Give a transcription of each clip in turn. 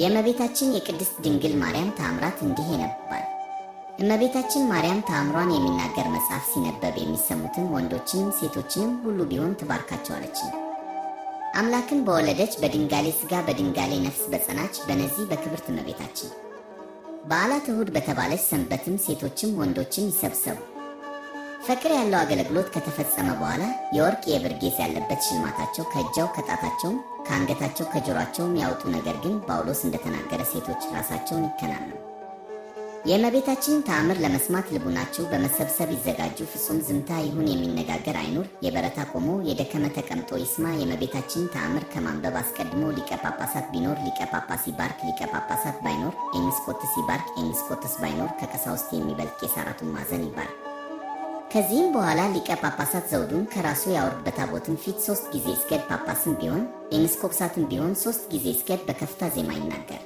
የእመቤታችን የቅድስት ድንግል ማርያም ታምራት እንዲህ ይነባል። እመቤታችን ማርያም ታምሯን የሚናገር መጽሐፍ ሲነበብ የሚሰሙትን ወንዶችንም ሴቶችንም ሁሉ ቢሆን ትባርካቸዋለች አምላክን በወለደች በድንጋሌ ሥጋ በድንጋሌ ነፍስ በጸናች በነዚህ በክብርት እመቤታችን በዓላት እሁድ በተባለች ሰንበትም ሴቶችም ወንዶችም ይሰብሰቡ። ፍቅር ያለው አገልግሎት ከተፈጸመ በኋላ የወርቅ የብርጌዝ ያለበት ሽልማታቸው ከእጃው ከጣታቸውም ከአንገታቸው ከጆሯቸውም ያውጡ፣ ነገር ግን ጳውሎስ እንደተናገረ ሴቶች ራሳቸውን ይከናኑ። የእመቤታችንን ተአምር ለመስማት ልቡናችሁ በመሰብሰብ ይዘጋጁ። ፍጹም ዝምታ ይሁን፣ የሚነጋገር አይኑር። የበረታ ቆሞ የደከመ ተቀምጦ ይስማ። የእመቤታችንን ተአምር ከማንበብ አስቀድሞ ሊቀ ጳጳሳት ቢኖር ሊቀ ጳጳስ ይባርክ፣ ሊቀ ጳጳሳት ባይኖር ኤጲስቆጶስ ይባርክ፣ ኤጲስቆጶስ ባይኖር ከቀሳውስት የሚበልጥ የሰራቱን ማዘን ይባርክ። ከዚህም በኋላ ሊቀ ጳጳሳት ዘውዱን ከራሱ ያወርድ በታቦትም ፊት ሶስት ጊዜ እስገድ፣ ጳጳስም ቢሆን ኤጲስቆጶሳትም ቢሆን ሶስት ጊዜ እስገድ በከፍታ ዜማ ይናገር።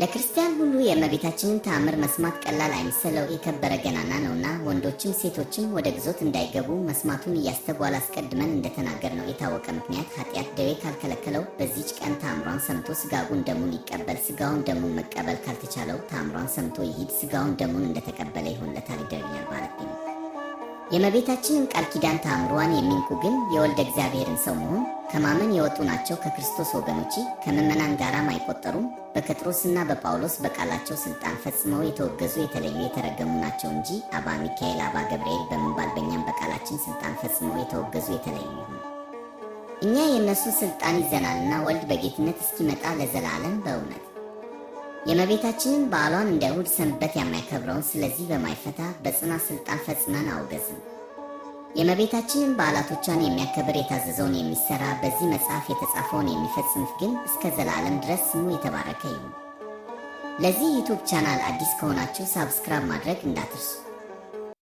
ለክርስቲያን ሁሉ የእመቤታችንን ተአምር መስማት ቀላል አይምሰለው፣ የከበረ ገናና ነውና። ወንዶችም ሴቶችም ወደ ግዞት እንዳይገቡ መስማቱን እያስተጓል አስቀድመን እንደተናገር ነው የታወቀ ምክንያት ኃጢአት ደዌ ካልከለከለው በዚች ቀን ተአምሯን ሰምቶ ስጋጉን ደሙን ይቀበል። ስጋውን ደሙን መቀበል ካልተቻለው ተአምሯን ሰምቶ ይሂድ፣ ስጋውን ደሙን እንደተቀበለ ይሆንለታል። ይደርኛል ማለት ነው። የመቤታችንን ቃል ኪዳን ተአምሯን የሚንቁ ግን የወልደ እግዚአብሔርን ሰው መሆን ከማመን የወጡ ናቸው። ከክርስቶስ ወገኖች ከምዕመናን ጋራም አይቆጠሩም። በጴጥሮስና በጳውሎስ በቃላቸው ስልጣን ፈጽመው የተወገዙ የተለዩ የተረገሙ ናቸው እንጂ አባ ሚካኤል፣ አባ ገብርኤል በምንባል በእኛም በቃላችን ስልጣን ፈጽመው የተወገዙ የተለዩ ይሁን። እኛ የእነሱ ስልጣን ይዘናልና ወልድ በጌትነት እስኪመጣ ለዘላለም በእውነት የመቤታችንን በዓሏን እንደ እሁድ ሰንበት የማይከብረውን ስለዚህ በማይፈታ በጽና ስልጣን ፈጽመን አውገዝም። የመቤታችንን በዓላቶቿን የሚያከብር የታዘዘውን የሚሰራ በዚህ መጽሐፍ የተጻፈውን የሚፈጽም ግን እስከ ዘላለም ድረስ ስሙ የተባረከ ይሁን። ለዚህ ዩቱብ ቻናል አዲስ ከሆናችሁ ሳብስክራይብ ማድረግ እንዳትርሱ።